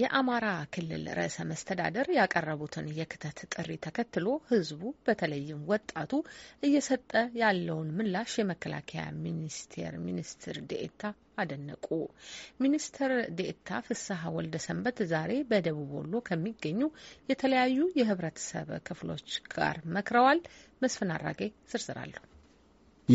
የአማራ ክልል ርዕሰ መስተዳደር ያቀረቡትን የክተት ጥሪ ተከትሎ ሕዝቡ በተለይም ወጣቱ እየሰጠ ያለውን ምላሽ የመከላከያ ሚኒስቴር ሚኒስትር ዴኤታ አደነቁ። ሚኒስትር ዴኤታ ፍስሐ ወልደ ሰንበት ዛሬ በደቡብ ወሎ ከሚገኙ የተለያዩ የህብረተሰብ ክፍሎች ጋር መክረዋል። መስፍን አራጌ ዝርዝር አለሁ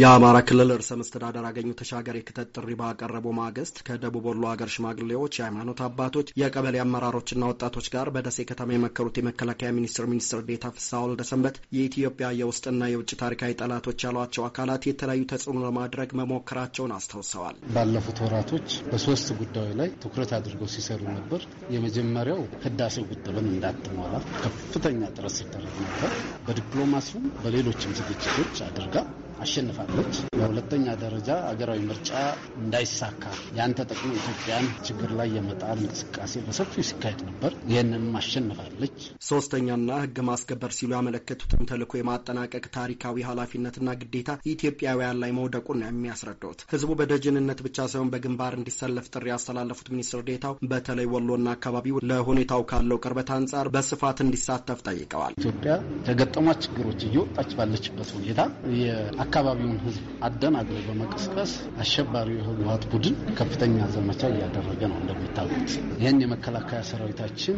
የአማራ ክልል ርዕሰ መስተዳደር አገኙ ተሻገር የክተት ጥሪ ባቀረቡ ማግስት ከደቡብ ወሎ ሀገር ሽማግሌዎች፣ የሃይማኖት አባቶች፣ የቀበሌ አመራሮችና ወጣቶች ጋር በደሴ ከተማ የመከሩት የመከላከያ ሚኒስቴር ሚኒስትር ዴታ ፍስሐ ወልደሰንበት የኢትዮጵያ የውስጥና የውጭ ታሪካዊ ጠላቶች ያሏቸው አካላት የተለያዩ ተጽዕኖ ለማድረግ መሞከራቸውን አስታውሰዋል። ባለፉት ወራቶች በሶስት ጉዳዮች ላይ ትኩረት አድርገው ሲሰሩ ነበር። የመጀመሪያው ህዳሴ ግድብን እንዳትሞላ ከፍተኛ ጥረት ሲደረግ ነበር። በዲፕሎማሲውም በሌሎችም ዝግጅቶች አድርጋ አሸንፋለች። በሁለተኛ ደረጃ ሀገራዊ ምርጫ እንዳይሳካ ያን ተጠቅሞ ኢትዮጵያን ችግር ላይ የመጣል እንቅስቃሴ በሰፊው ሲካሄድ ነበር። ይህንንም አሸንፋለች። ሶስተኛና ህግ ማስከበር ሲሉ ያመለከቱትን ተልኮ የማጠናቀቅ ታሪካዊ ኃላፊነትና ግዴታ ኢትዮጵያውያን ላይ መውደቁን ነው የሚያስረዳውት። ህዝቡ በደጅንነት ብቻ ሳይሆን በግንባር እንዲሰለፍ ጥሪ ያስተላለፉት ሚኒስትር ዴታው በተለይ ወሎና አካባቢው ለሁኔታው ካለው ቅርበት አንጻር በስፋት እንዲሳተፍ ጠይቀዋል። ኢትዮጵያ ከገጠሟት ችግሮች እየወጣች ባለችበት ሁኔታ የአካባቢውን ህዝብ አደናግሮ በመቀስቀስ አሸባሪው የህወሀት ቡድን ከፍተኛ ዘመቻ እያደረገ ነው። እንደሚታወቅ ይህን የመከላከያ ሰራዊታችን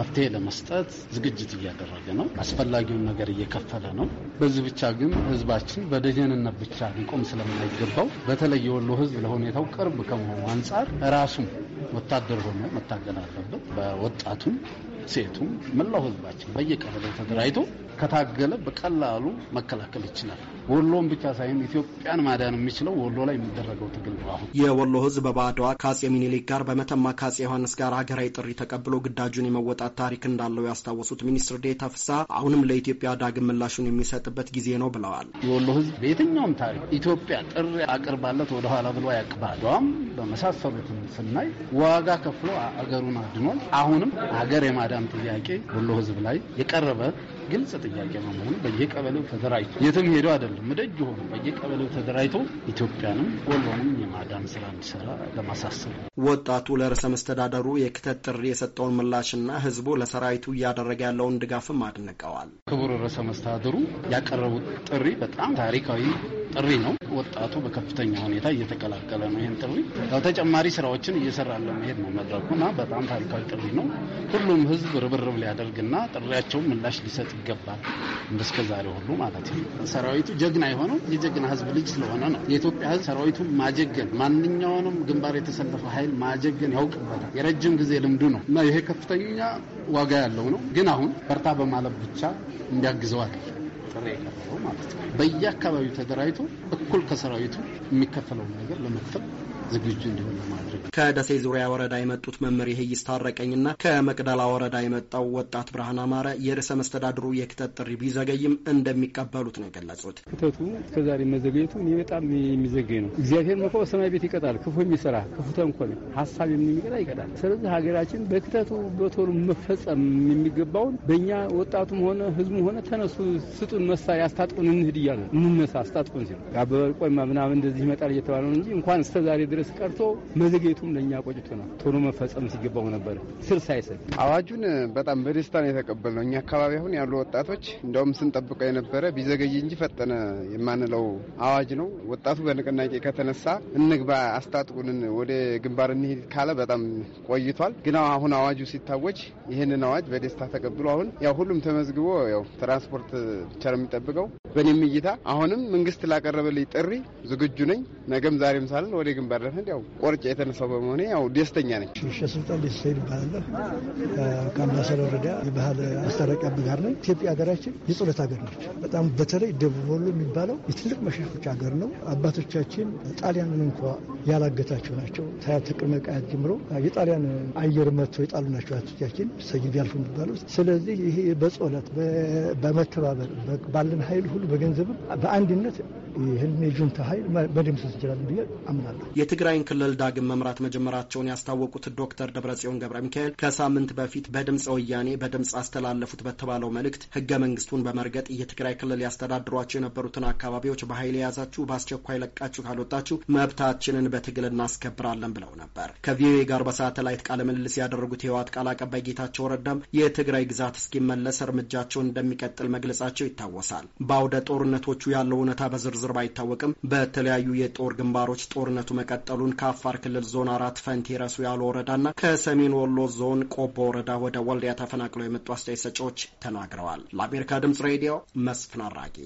መፍትሄ ለመስጠት ዝግጅት እያደረገ ነው። አስፈላጊውን ነገር እየከፈለ ነው። በዚህ ብቻ ግን ህዝባችን በደጀንነት ብቻ ሊቆም ስለማይገባው በተለይ የወሎ ህዝብ ለሁኔታው ቅርብ ከመሆኑ አንጻር ራሱም ወታደር ሆኖ መታገል አለበት። በወጣቱም ሴቱም መላው ህዝባችን በየቀበሌው ተደራጅቶ ከታገለ በቀላሉ መከላከል ይችላል። ወሎን ብቻ ሳይሆን ኢትዮጵያን ማዳን የሚችለው ወሎ ላይ የሚደረገው ትግል ነው። አሁን የወሎ ህዝብ በባዕድዋ ከአጼ ሚኒሊክ ጋር በመተማ ከአጼ ዮሐንስ ጋር ሀገራዊ ጥሪ ተቀብሎ ግዳጁን የመወጣት ታሪክ እንዳለው ያስታወሱት ሚኒስትር ዴታ ፍሳ አሁንም ለኢትዮጵያ ዳግም ምላሹን የሚሰጥበት ጊዜ ነው ብለዋል። የወሎ ህዝብ በየትኛውም ታሪክ ኢትዮጵያ ጥሪ አቅርባለት ወደኋላ ብሎ አያውቅም። በአድዋም ስናይ ዋጋ ከፍሎ አገሩን አድኗል። አሁንም ሀገር የማዳን ጥያቄ ወሎ ህዝብ ላይ የቀረበ ግልጽ ጥያቄ መሆኑ በየቀበሌው ተደራጅቶ የትም ሄደው አይደለም ምደጅ ሆኑ በየቀበሌው ተደራጅቶ ኢትዮጵያንም ወሎንም የማዳን ስራ እንዲሰራ ለማሳሰብ ወጣቱ ለርዕሰ መስተዳደሩ የክተት ጥሪ የሰጠውን ምላሽና ህዝቡ ለሰራዊቱ እያደረገ ያለውን ድጋፍም አድንቀዋል። ክቡር ርዕሰ መስተዳደሩ ያቀረቡት ጥሪ በጣም ታሪካዊ ጥሪ ነው። ወጣቱ በከፍተኛ ሁኔታ እየተቀላቀለ ነው። ይህን ጥሪ ተጨማሪ ስራዎችን እየሰራ ለመሄድ ነው እና በጣም ታሪካዊ ጥሪ ነው። ሁሉም ህዝብ ርብርብ ሊያደርግና ጥሪያቸውን ምላሽ ሊሰጥ ይገባል። እንደስከ ዛሬ ሁሉ ማለት ነው። ሰራዊቱ ጀግና የሆነው የጀግና ህዝብ ልጅ ስለሆነ ነው። የኢትዮጵያ ህዝብ ሰራዊቱን ማጀገን፣ ማንኛውንም ግንባር የተሰለፈ ኃይል ማጀገን ያውቅበታል። የረጅም ጊዜ ልምዱ ነው እና ይሄ ከፍተኛ ዋጋ ያለው ነው። ግን አሁን በርታ በማለት ብቻ እንዲያግዘዋል ጥሬ የቀረበው ማለት ነው። በየአካባቢው ተደራጅቶ እኩል ከሰራዊቱ የሚከፈለውን ነገር ለመክፈል ዝግጁ እንዲሆን ለማድረግ ከደሴ ዙሪያ ወረዳ የመጡት መምህር ይህይስ ታረቀኝና ከመቅደላ ወረዳ የመጣው ወጣት ብርሃን አማረ የርዕሰ መስተዳድሩ የክተት ጥሪ ቢዘገይም እንደሚቀበሉት ነው የገለጹት። ክተቱ እስከዛሬ መዘገየቱ እኔ በጣም የሚዘገኝ ነው። እግዚአብሔር መኮ ሰማይ ቤት ይቀጣል። ክፉ የሚሰራ ክፉ ተንኮል ሀሳብ የሚቀጣ ይቀጣል። ስለዚህ ሀገራችን በክተቱ በቶሎ መፈጸም የሚገባውን በእኛ ወጣቱም ሆነ ህዝቡ ሆነ ተነሱ፣ ስጡን መሳሪያ አስታጥቁን እንሂድ እያለ እንነሳ አስታጥቁን ሲሉ አበበ ቆይማ ምናምን እንደዚህ ይመጣል እየተባለ ነው እንጂ እንኳን እስከዛሬ ድረስ ቀርቶ መዘግየቱም ለእኛ ነው። ቶሎ መፈጸም ሲገባው ነበር ስር ሳይስል። አዋጁን በጣም በደስታ ነው የተቀበልነው። እኛ አካባቢ አሁን ያሉ ወጣቶች እንደውም ስንጠብቀው የነበረ ቢዘገይ እንጂ ፈጠነ የማንለው አዋጅ ነው። ወጣቱ በንቅናቄ ከተነሳ እንግባ፣ አስታጥቁንን፣ ወደ ግንባር እንሄድ ካለ በጣም ቆይቷል። ግን አሁን አዋጁ ሲታወጅ ይህንን አዋጅ በደስታ ተቀብሎ አሁን ያው ሁሉም ተመዝግቦ ያው ትራንስፖርት ብቻ ነው የሚጠብቀው። በእኔም እይታ አሁንም መንግስት ላቀረበልኝ ጥሪ ዝግጁ ነኝ። ነገም ዛሬም ሳለን ወደ ግንባር ደፈን ያው ቆርጬ የተነሳው በመሆኔ ያው ደስተኛ ነኝ። ሸስልጣን ቤተሰይድ እባላለሁ። ከአምባሰል ወረዳ የባህል አስታራቂ አመጋር ነኝ። ኢትዮጵያ ሀገራችን የጸሎት ሀገር ነች። በጣም በተለይ ደቡብ ወሎ የሚባለው የትልቅ መሸሾች ሀገር ነው። አባቶቻችን ጣሊያንን እንኳ ያላገታቸው ናቸው። ታያተ ቅድመ ቃያት ጀምሮ የጣሊያን አየር መጥቶ የጣሉ ናቸው አቶቻችን ሰይድ ያልፉ የሚባለው። ስለዚህ ይሄ በጸሎት በመተባበር ባለን ሀይል ሁሉ በገንዘብም በአንድነት የህልሜ ጁንታ ኃይል መደምሰስ ይችላል ብዬ አምናለሁ። የትግራይን ክልል ዳግም መምራት መጀመራቸውን ያስታወቁት ዶክተር ደብረጽዮን ገብረ ሚካኤል ከሳምንት በፊት በድምፀ ወያኔ በድምፅ አስተላለፉት በተባለው መልእክት ህገ መንግስቱን በመርገጥ የትግራይ ክልል ያስተዳድሯቸው የነበሩትን አካባቢዎች በኃይል የያዛችሁ በአስቸኳይ ለቃችሁ ካልወጣችሁ መብታችንን በትግል እናስከብራለን ብለው ነበር። ከቪኦኤ ጋር በሳተላይት ቃለ ምልልስ ያደረጉት የህወሓት ቃል አቀባይ ጌታቸው ረዳም የትግራይ ግዛት እስኪመለስ እርምጃቸውን እንደሚቀጥል መግለጻቸው ይታወሳል። በአውደ ወደ ጦርነቶቹ ያለው እውነታ በዝርዝር ባይታወቅም በተለያዩ የጦር ግንባሮች ጦርነቱ መቀጠሉን ከአፋር ክልል ዞን አራት ፈንቲ ረሱ ያሉ ወረዳና ከሰሜን ወሎ ዞን ቆቦ ወረዳ ወደ ወልዲያ ተፈናቅለው የመጡ አስተያየት ሰጪዎች ተናግረዋል። ለአሜሪካ ድምጽ ሬዲዮ መስፍን አራጌ